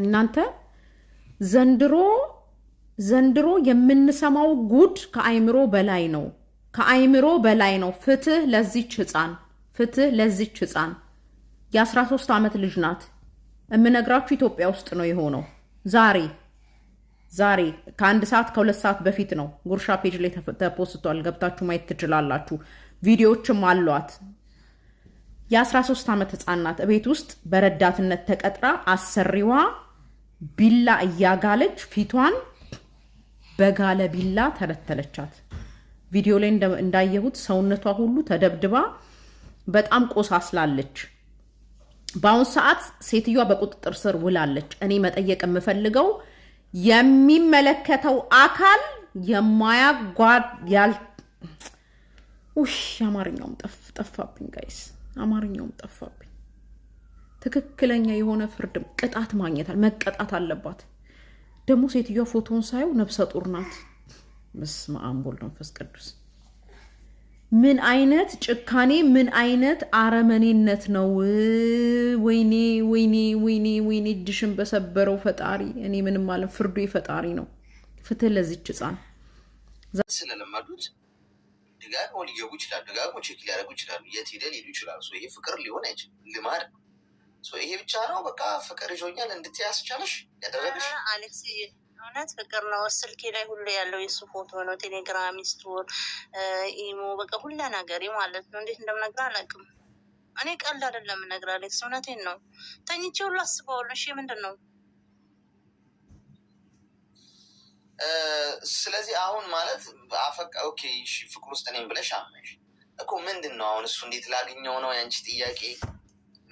እናንተ ዘንድሮ ዘንድሮ የምንሰማው ጉድ ከአይምሮ በላይ ነው። ከአይምሮ በላይ ነው። ፍትህ ለዚች ህፃን፣ ፍትህ ለዚች ህፃን። የ13 ዓመት ልጅ ናት። የምነግራችሁ ኢትዮጵያ ውስጥ ነው የሆነው። ዛሬ ዛሬ ከአንድ ሰዓት ከሁለት ሰዓት በፊት ነው። ጉርሻ ፔጅ ላይ ተፖስቷል። ገብታችሁ ማየት ትችላላችሁ። ቪዲዮዎችም አሏት። የ13 ዓመት ህፃን ናት። እቤት ውስጥ በረዳትነት ተቀጥራ አሰሪዋ ቢላ እያጋለች ፊቷን በጋለ ቢላ ተለተለቻት። ቪዲዮ ላይ እንዳየሁት ሰውነቷ ሁሉ ተደብድባ በጣም ቆሳስላለች። በአሁን ሰዓት ሴትዮዋ በቁጥጥር ስር ውላለች። እኔ መጠየቅ የምፈልገው የሚመለከተው አካል የማያጓድ ያል አማርኛውም ጠፋብኝ ጋይስ፣ አማርኛውም ጠፋብኝ። ትክክለኛ የሆነ ፍርድ ቅጣት ማግኘታል መቀጣት አለባት። ደግሞ ሴትዮዋ ፎቶን ሳየው ነብሰ ጡር ናት። በስመ አብ ወወልድ ወመንፈስ ቅዱስ። ምን አይነት ጭካኔ፣ ምን አይነት አረመኔነት ነው! ወይኔ ወይኔ ወይኔ ወይኔ! እጅሽን በሰበረው ፈጣሪ። እኔ ምንም አለ ፍርዱ የፈጣሪ ነው። ፍትህ ለዚች ህፃን ስለለመዱት ድጋግሞ ሊገቡ ይችላሉ። ድጋግሞ ቼክ ሊያደርጉ ይችላሉ። የት ሄደ ሊሉ ይችላሉ። ይሄ ፍቅር ሊሆን አይችልም፣ ልማድ ነው። ይሄ ብቻ ነው በቃ ፍቅር ይዞኛል እንድት ያስቻለሽ ያደረገሽ አሌክስ እውነት ፍቅር ነው። ስልኬ ላይ ሁሉ ያለው የሱ ፎቶ ነው። ቴሌግራም፣ ስቶር፣ ኢሞ በቃ ሁላ ነገር ማለት ነው። እንዴት እንደምነግር አላውቅም። እኔ ቀልድ አይደለም እነግር አሌክስ፣ እውነቴን ነው። ተኝቼ ሁሉ አስበዋለሁ። እሺ ምንድን ነው ስለዚህ አሁን ማለት አፈቃ ኦኬ፣ ፍቅር ውስጥ እኔም ብለሽ አመሽ እኮ ምንድን ነው አሁን እሱ እንዴት ላግኘው ነው? የአንቺ ጥያቄ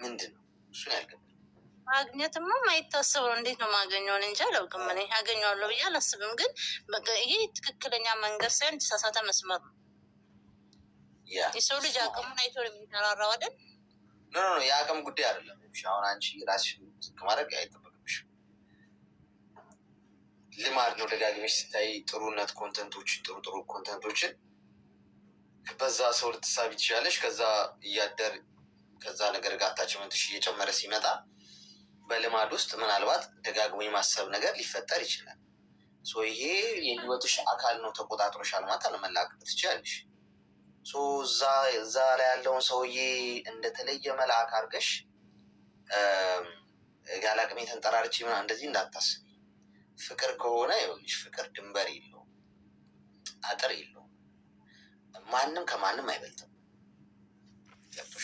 ምንድን ነው? እሱ ያልገባል። ማግኘትማ ማይታሰብ እንዴት ነው ማገኘውን? እንጂ አላውቅም። እኔ አገኘዋለሁ ብዬ አላስብም። ግን ይህ ትክክለኛ መንገድ ሳይሆን የተሳሳተ መስመር ነው። የሰው ልጅ አቅሙን አይቶ የሚጠራራው አይደል? ኖ ኖ፣ የአቅም ጉዳይ አይደለም። አሁን አንቺ ራስሽን ዝቅ ማድረግ አይጠበቅብሽ። ልማድ ነው። ደጋግመሽ ስታይ ጥሩነት ኮንተንቶችን፣ ጥሩ ጥሩ ኮንተንቶችን በዛ ሰው ልትሳቢ ትችላለሽ። ከዛ እያደር ከዛ ነገር ጋር አታችመንትሽ እየጨመረ ሲመጣ በልማድ ውስጥ ምናልባት ደጋግሞ የማሰብ ነገር ሊፈጠር ይችላል። ይሄ የህይወትሽ አካል ነው። ተቆጣጥሮሻል ማለት አለመላቀቅ ትችላለሽ። እዛ ላይ ያለውን ሰውዬ እንደተለየ መልአክ አድርገሽ ያለ አቅሜ ተንጠራርቼ ምናምን እንደዚህ እንዳታስቢ። ፍቅር ከሆነ ይኸውልሽ ፍቅር ድንበር የለውም፣ አጥር የለውም። ማንም ከማንም አይበልጥም።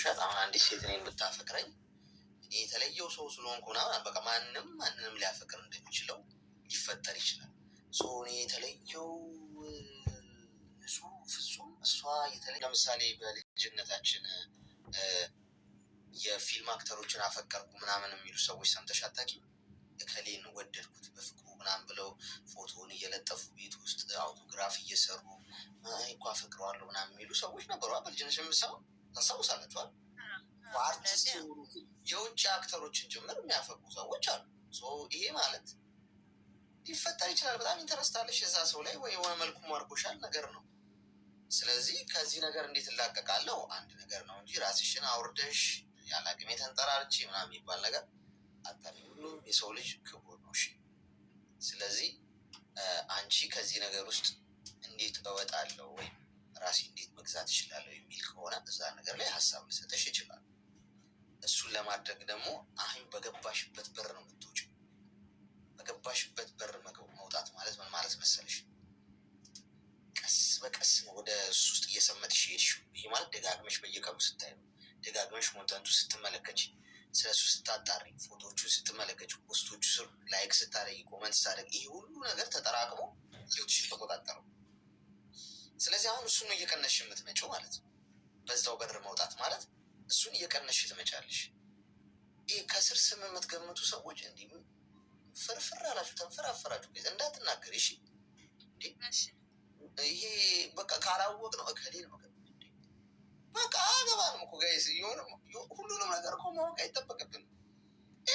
ውሸት አሁን አንዲት ሴት እኔን ብታፈቅረኝ የተለየው ሰው ስለሆንኩ ምናምን በቃ ማንም ማንንም ሊያፈቅር እንደሚችለው ሊፈጠር ይችላል። እኔ የተለየው ንጹህ ፍጹም እሷ የተለየ ለምሳሌ በልጅነታችን የፊልም አክተሮችን አፈቀርኩ ምናምን የሚሉ ሰዎች ሰምተሽ አታውቂም? እከሌን ወደድኩት በፍቅሩ ምናምን ብለው ፎቶውን እየለጠፉ ቤት ውስጥ አውቶግራፍ እየሰሩ እኮ አፈቅረዋለሁ ምናምን የሚሉ ሰዎች ነበሩ በልጅነት የምሰማው ታስታውሳላችኋል። በአርቲስት የውጭ አክተሮችን ጭምር የሚያፈቁ ሰዎች አሉ። ይሄ ማለት ሊፈጠር ይችላል። በጣም ኢንተረስት አለሽ እዛ ሰው ላይ ወይ የሆነ መልኩ ማርኮሻል ነገር ነው። ስለዚህ ከዚህ ነገር እንዴት እላቀቃለሁ አንድ ነገር ነው እንጂ ራስሽን አውርደሽ ያለ አቅሜ ተንጠራርቼ ምናምን የሚባል ነገር አታሚ። ሁሉም የሰው ልጅ ክቡር ነው። እሺ፣ ስለዚህ አንቺ ከዚህ ነገር ውስጥ እንዴት እወጣለሁ ወይም ራሴ እንዴት መግዛት እችላለሁ የሚል ከሆነ እዛ ነገር ላይ ሀሳብ ልሰጠሽ ይችላል። እሱን ለማድረግ ደግሞ አሁን በገባሽበት በር ነው የምትወጪው። በገባሽበት በር መውጣት ማለት ምን ማለት መሰለሽ? ቀስ በቀስ ነው ወደ እሱ ውስጥ እየሰመጥሽ ሄድሽው። ይህ ማለት ደጋግመሽ በየቀኑ ስታይ ነው። ደጋግመሽ ኮንተንቱ ስትመለከች፣ ስለ እሱ ስታጣሪ፣ ፎቶዎቹን ስትመለከች፣ ፖስቶቹ ስር ላይክ ስታደረጊ፣ ኮመንት ስታደረጊ፣ ይህ ሁሉ ነገር ተጠራቅሞ ህይወትሽ እሱን እየቀነሽ የምትመጪው ማለት ነው። በዛው በር መውጣት ማለት እሱን እየቀነሽ ትመጫለሽ። ይህ ከስር ስም የምትገምቱ ሰዎች እንዲ ፍርፍር አላችሁ፣ ተንፈራፈራችሁ። እንዳትናገር እሺ። ይሄ በቃ ካላወቅ ነው ነው በቃ አገባ ነው እኮ ጋይስ። ሁሉንም ነገር እኮ ማወቅ አይጠበቅብን።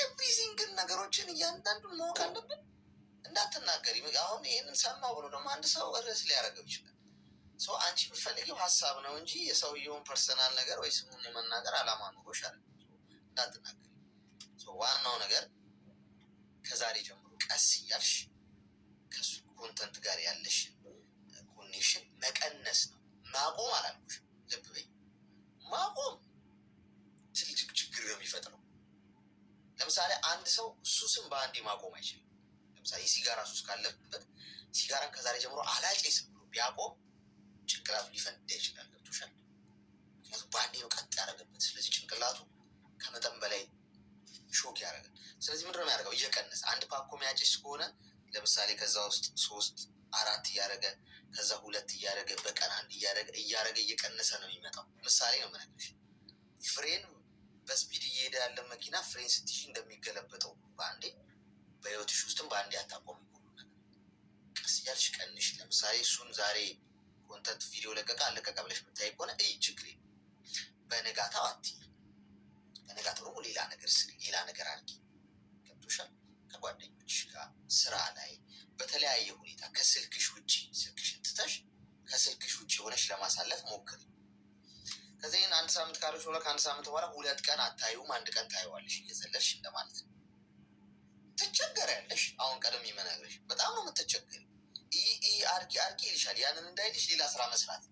ኤቭሪሲንግን ነገሮችን እያንዳንዱን ማወቅ አለብን። እንዳትናገሪ። አሁን ይህንን ሰማ ብሎ ደግሞ አንድ ሰው ርዕስ ሊያደርገው ይችላል። ሰው አንቺ የምትፈልጊው ሀሳብ ነው እንጂ የሰውየውን ፐርሰናል ነገር ወይ ስሙን የመናገር አላማ ኑሮሽ አለ እንዳትናገር። ዋናው ነገር ከዛሬ ጀምሮ ቀስ እያልሽ ከሱ ኮንተንት ጋር ያለሽ ኮኔክሽን መቀነስ ነው። ማቆም አላልኩሽ፣ ልብ በይ። ማቆም ትልቅ ችግር ነው የሚፈጥረው። ለምሳሌ አንድ ሰው ሱስን በአንዴ ማቆም አይችልም። ለምሳሌ ሲጋራ ሱስ ካለበት ሲጋራን ከዛሬ ጀምሮ አላጨስም ብሎ ቢያቆም ጭንቅላቱ ሊፈነዳ ይችላል። ገብቶሻል? ምክንያቱም በአንዴ ነው ቀጥ ያደረገበት። ስለዚህ ጭንቅላቱ ከመጠን በላይ ሾክ ያደረገ። ስለዚህ ምንድን ነው እየቀነሰ አንድ ፓኮ የሚያጨስ ከሆነ ለምሳሌ ከዛ ውስጥ ሶስት አራት እያደረገ ከዛ ሁለት እያደረገ በቀን አንድ እያደረገ እያደረገ እየቀነሰ ነው የሚመጣው። ምሳሌ ነው የምነግርሽ። ፍሬን በስፒድ እየሄደ ያለ መኪና ፍሬን ስትሽ እንደሚገለበጠው በአንዴ በህይወትሽ ውስጥም በአንዴ አታቆሚ። ቀስ እያልሽ ቀንሽ። ለምሳሌ እሱን ዛሬ ኮንተንት ቪዲዮ ለቀቀ አለቀቀ ብለሽ የምታይ ከሆነ እይ ችግር በነጋታው አት በነጋታው ደግሞ ሌላ ነገር ስ ሌላ ነገር አድርጊ። ገብቶሻል? ከጓደኞች ጋር ስራ ላይ በተለያየ ሁኔታ ከስልክሽ ውጭ ስልክሽን ትተሽ ከስልክሽ ውጭ የሆነች ለማሳለፍ ሞክሪ። ከዚህ አንድ ሳምንት ካለች በኋላ ከአንድ ሳምንት በኋላ ሁለት ቀን አታዩም፣ አንድ ቀን ታየዋለሽ እየዘለልሽ እንደማለት ነው። ትቸገሪያለሽ። አሁን ቀደም ይመናለሽ በጣም ነው የምትቸገሪ አርጊ አርጊ ይልሻል። ያንን እንዳይልሽ ሌላ ስራ መስራት፣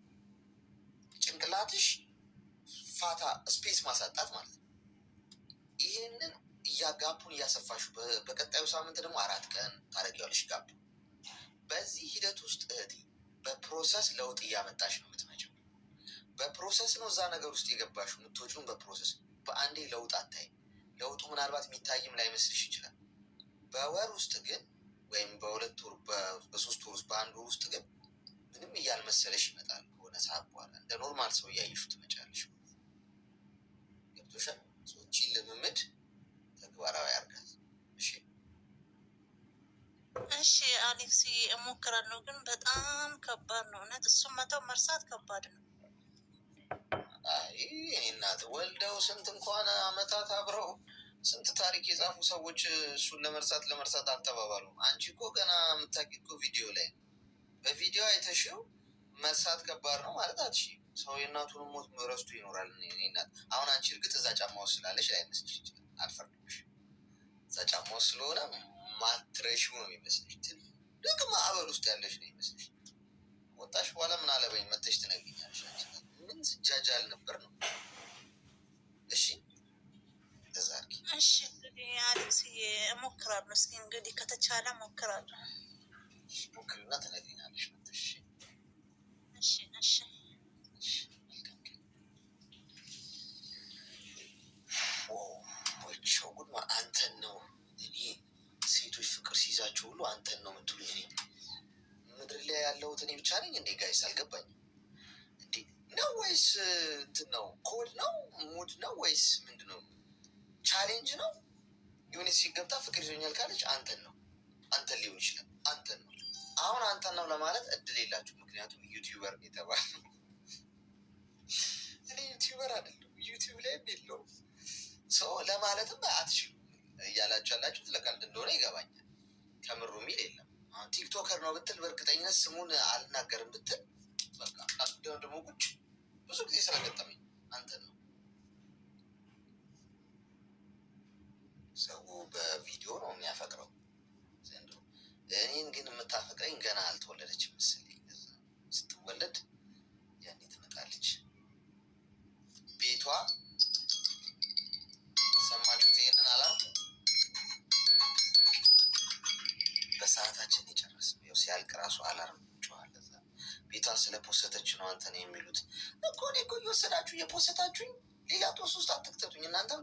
ጭንቅላትሽ ፋታ ስፔስ ማሳጣት ማለት ነው። ይህንን እያጋፑን እያሰፋሹ በቀጣዩ ሳምንት ደግሞ አራት ቀን ታረጊዋለሽ ጋፑ። በዚህ ሂደት ውስጥ እህቴ በፕሮሰስ ለውጥ እያመጣሽ ነው የምትመጪው። በፕሮሰስ ነው እዛ ነገር ውስጥ የገባሽው። የምትወጪውን በፕሮሰስ በአንዴ ለውጥ አታይም። ለውጡ ምናልባት የሚታይም ላይመስልሽ ይችላል። በወር ውስጥ ግን ወይም በሁለት ወር በሶስት ወር ውስጥ በአንድ ወር ውስጥ ግን ምንም እያልመሰለሽ ይመጣል። ከሆነ ሰዓት በኋላ እንደ ኖርማል ሰው እያየሹ ትመጫለሽ። ገብቶሻል? ሰዎችን ልምምድ ተግባራዊ አርጋት። እሺ፣ እሺ አሌክስ እሞክራለሁ፣ ግን በጣም ከባድ ነው እውነት። እሱም መተው መርሳት ከባድ ነው። አይ እናት ወልደው ስንት እንኳን አመታት አብረው ስንት ታሪክ የጻፉ ሰዎች እሱን ለመርሳት ለመርሳት አልተባባሉም። አንቺ እኮ ገና የምታውቂ እኮ ቪዲዮ ላይ በቪዲዮ አይተሽው መርሳት ከባድ ነው ማለት አትሺ። ሰው የእናቱን ሞት ረስቶ ይኖራል። ናት አሁን አንቺ እርግጥ እዛ ጫማ ውስጥ ስላለሽ ላይመስልሽ ይችላል። አልፈርድብሽ። እዛ ጫማ ውስጥ ስለሆነ ማትረሺው ነው የሚመስልሽ። ትልቅ ማዕበል ውስጥ ያለሽ ነው የሚመስልሽ። ወጣሽ በኋላ ምን አለበኝ መተሽ ትነግኛለሽ። ምን ስጃጃ አልነበር ነው እሺ እሺ እንግዲህ አሌክስ እሞክራለሁ። እስኪ እንግዲህ ከተቻለ እሞክራለሁ። ሞክርና ትነግሪኛለሽ። እሺ እሺ ወቸው ጉድ አንተን ነው እኔ ሴቶች ፍቅር ሲይዛቸው ሁሉ አንተን ነው የምትሉኝ። እኔ ምድር ላይ ያለሁት እኔ ብቻ ነኝ እንዴ? ጋይስ አልገባኝ እንዴ ነው ወይስ እንትን ነው? ኮድ ነው ሙድ ነው ወይስ ምንድን ነው? ቻሌንጅ ነው። የሆነ ሲገብታ ፍቅር ይዞኛል ካለች አንተን ነው አንተን ሊሆን ይችላል አንተን ነው። አሁን አንተን ነው ለማለት እድል የላችሁ፣ ምክንያቱም ዩቲዩበር የተባለ እኔ ዩቲዩበር አይደለም ዩቲዩብ ላይ የለው ሰው ለማለትም አትችሉም እያላችሁ ያላችሁት ለቀልድ እንደሆነ ይገባኛል። ከምሩ ሚል የለም። ቲክቶከር ነው ብትል በእርግጠኝነት ስሙን አልናገርም ብትል በቃ ደግሞ ቁጭ ብዙ ጊዜ ስለገጠመኝ አንተን ነው ራሱ አላርም ይችዋል። እዛ ቤቷን ስለፖሰተች ነው አንተን የሚሉት እኮ። እኔ እኮ እየወሰዳችሁ እየፖሰታችሁኝ ሌላ ጦስ ውስጥ አትክተቱኝ እናንተ።